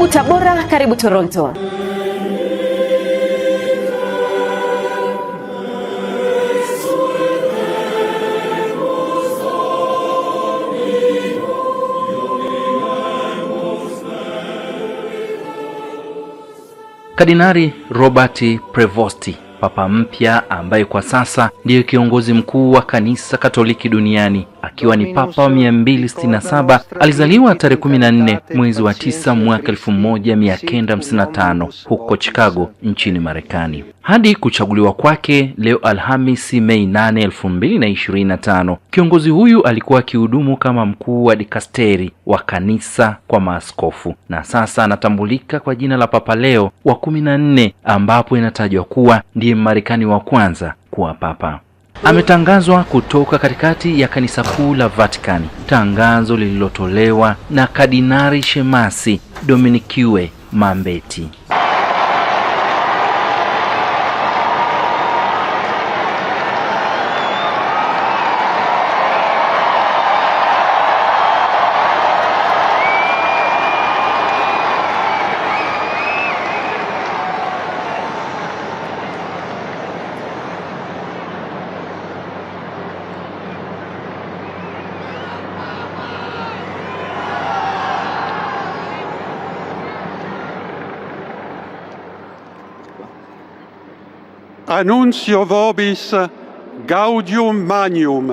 Karibu Tabora, karibu Toronto. kardinari Robert prevosti papa mpya ambaye kwa sasa ndiye kiongozi mkuu wa kanisa Katoliki duniani akiwa ni Papa wa 267 alizaliwa tarehe 14 mwezi wa 9 mwaka 1955 huko Chicago nchini Marekani hadi kuchaguliwa kwake leo Alhamisi Mei 8, 2025. Kiongozi huyu alikuwa akihudumu kama mkuu wa dikasteri wa kanisa kwa maaskofu na sasa anatambulika kwa jina la Papa Leo wa 14 ambapo inatajwa kuwa ndiye Mmarekani wa kwanza kuwa papa ametangazwa kutoka katikati ya kanisa kuu la vatikani tangazo lililotolewa na kadinari Shemasi dominikue Mambeti. annuncio vobis gaudium magnum.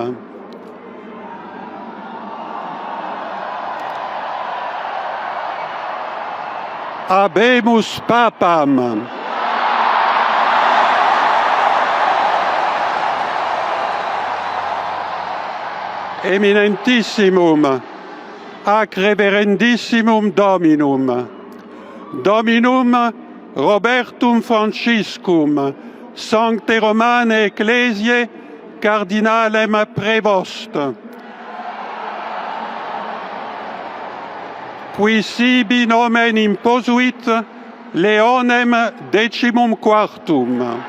Abemus papam. Eminentissimum, ac reverendissimum Dominum, Dominum Robertum Franciscum, Sancte Romane Ecclesiae cardinalem prevost. Qui sibi nomen imposuit Leonem decimum quartum.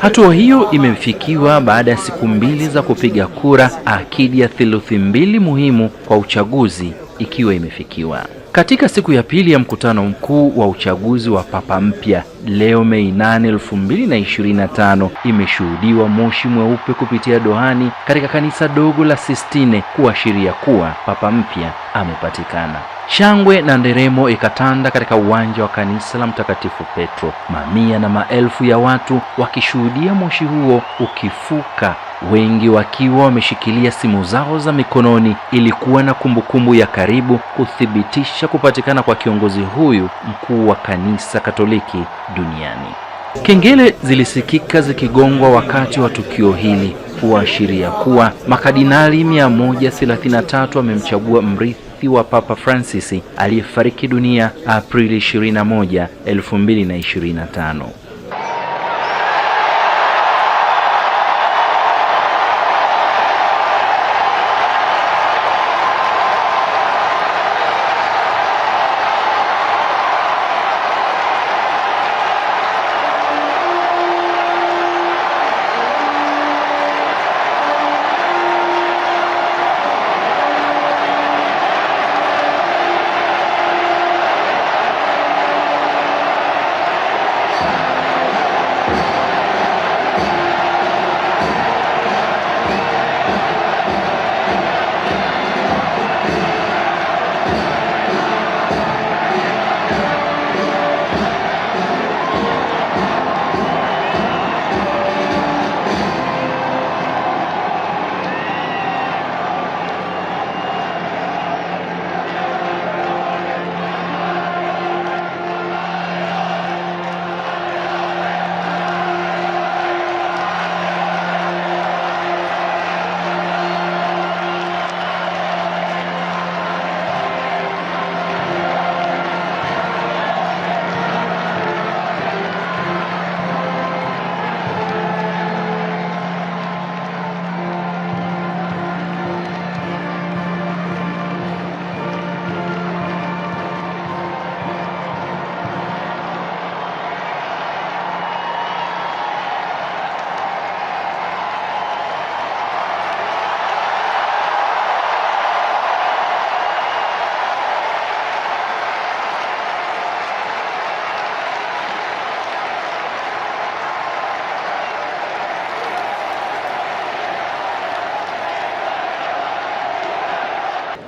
Hatua hiyo imefikiwa baada ya siku mbili za kupiga kura, akidi ya theluthi mbili muhimu kwa uchaguzi ikiwa imefikiwa. Katika siku ya pili ya mkutano mkuu wa uchaguzi wa papa mpya leo Mei 8, 2025 imeshuhudiwa moshi mweupe kupitia dohani katika kanisa dogo la Sistine kuashiria kuwa papa mpya amepatikana. Shangwe na nderemo ikatanda katika uwanja wa kanisa la Mtakatifu Petro, mamia na maelfu ya watu wakishuhudia moshi huo ukifuka wengi wakiwa wameshikilia simu zao za mikononi. Ilikuwa na kumbukumbu ya karibu kuthibitisha kupatikana kwa kiongozi huyu mkuu wa kanisa Katoliki duniani. Kengele zilisikika zikigongwa wakati wa tukio hili kuashiria kuwa makadinali 133 wamemchagua mrithi wa Papa Francis aliyefariki dunia Aprili 21, 2025.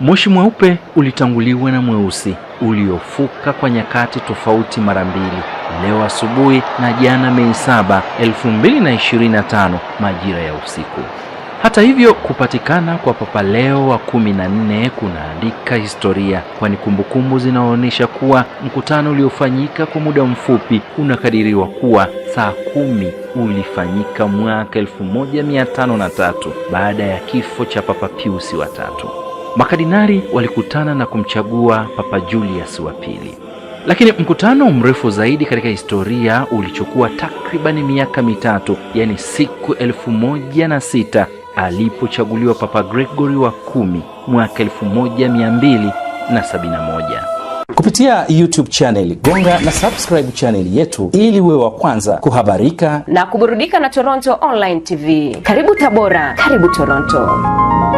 Moshi mweupe ulitanguliwa na mweusi uliofuka kwa nyakati tofauti mara mbili, leo asubuhi na jana Mei 7, 2025 majira ya usiku. Hata hivyo, kupatikana kwa Papa Leo wa kumi na nne kunaandika historia, kwani kumbukumbu zinaonyesha kuwa mkutano uliofanyika kwa muda mfupi unakadiriwa kuwa saa kumi ulifanyika mwaka 1503 baada ya kifo cha Papa Piusi wa tatu makadinari walikutana na kumchagua Papa Julius wa pili, lakini mkutano mrefu zaidi katika historia ulichukua takribani miaka mitatu, yaani siku elfu moja na sita alipochaguliwa Papa Gregory wa kumi mwaka elfu moja mia mbili na moja. Kupitia YouTube channel gonga na subscribe chaneli yetu ili uwe wa kwanza kuhabarika na kuburudika na Toronto Online TV. Karibu Tabora, karibu Toronto.